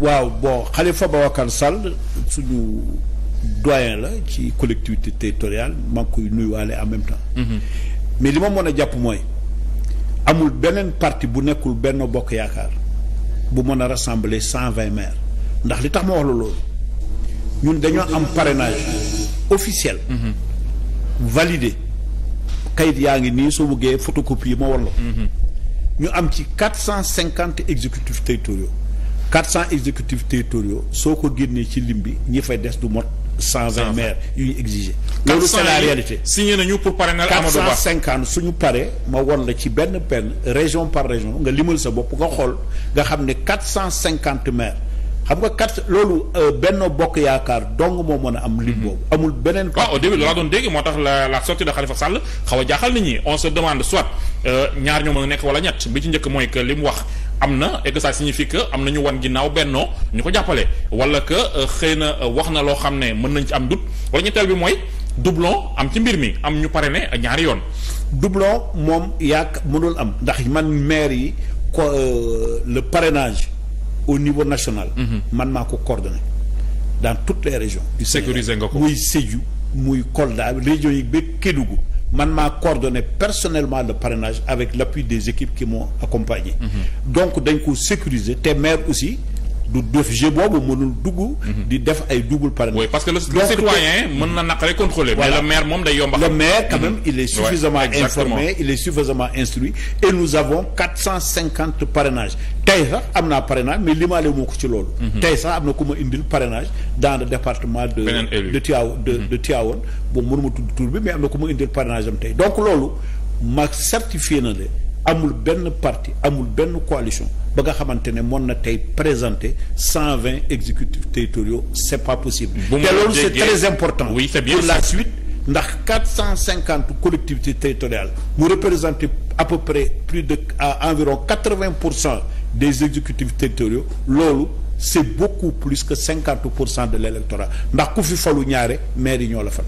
waaw bon Khalifa Babacar Sall suñu doyen la ci collectivité territoriale maa ngi koy nuyuwaale en même temps. Mm mais li ma mën a jàpp mooy amul beneen parti bu nekkul benn bokk yaakaar bu mën a rassembler cent vingt maires ndax li tax ma wax la loolu ñun dañoo am parrainage officiel. Mm -hmm. kayit yaa ngi nii soo bëggee photocopie ma war la mhm. ñu am ci quatre cent cinquante exécutifs quatre cent exécutifs territoriaux soo ko génnee ci lim bi ñi fay des du mot cent vingt ah, maires yu ñu exigé loolu c'est réalité signé nañu pour pare na Ba quatre cinquante suñu paree ma won la ci benn benn région par région nga limal sa bopp nga xool nga xam ne quatre cent cinquante maires xam nga quatre loolu euh, Benno Bokk Yaakaar dong moo mën a am lim mm-hmm. amul beneen waaw ah, au moo tax la la sortie de a jaaxal nit ñi on se demande soit euh, ñaar ñoo mën a nekk wala ñett bi ci njëkk mooy que li mu wax am na et que ça am na ñu wan ginnaaw bennoo ñu ko jàppale wala que euh, xëy na euh, wax na loo xam ne mën nañ ci am dut ñu ñetteel bi mooy doublon am ci mbir mi am ñu pare ne ñaari yoon. doublon moom yaak mënul am ndax man maire yi ko euh, le parrainage au niveau national. Mhm. man maa ko coordonné dans toutes les régions. du sécuriser nga ko muy Sédhiou muy Kolda région yi ba Kédougou. man maa coordonné personnellement le parrainage avec l'appui des équipes qui m'ont accompagné. Mhm. donc dañ ko sécuriser te maire aussi. du def jeu boobu mënul dugg. Mhm. di def ay double parrainage. oui parce que le citoyen mën na naqare contrôler. mais le maire moom day yomb le maire quand même il est mhm. suffisamment informé il est suffisamment instruit et nous avons quatre cent cinquante parrainages tey sax am naa parrainage mais limaale moo ko ci loolu. Mhm. tey sax am na ku ma indil parrainage dans le département de. de Tivaouane de de boo bon mënuma tudd tur bi mais am na ku ma indil parrainage am tey donc loolu ma certifié na de. amul benn parti amul benn coalition ba nga xamante ne mën na tey présenter cent vingt exécutifs territoriaux c' est pas possible. te loolu c' très important. oui c' est pour la suite ndax quatre cent cinquante collectivités territoriales mu représenter à peu près plus de à environ quatre vingt pour cent des exécutifs territoriaux loolu. c'est beaucoup plus que cinquante pour cent de l'électorat ndax ku fi falu ñaare maire yi ñoo la fal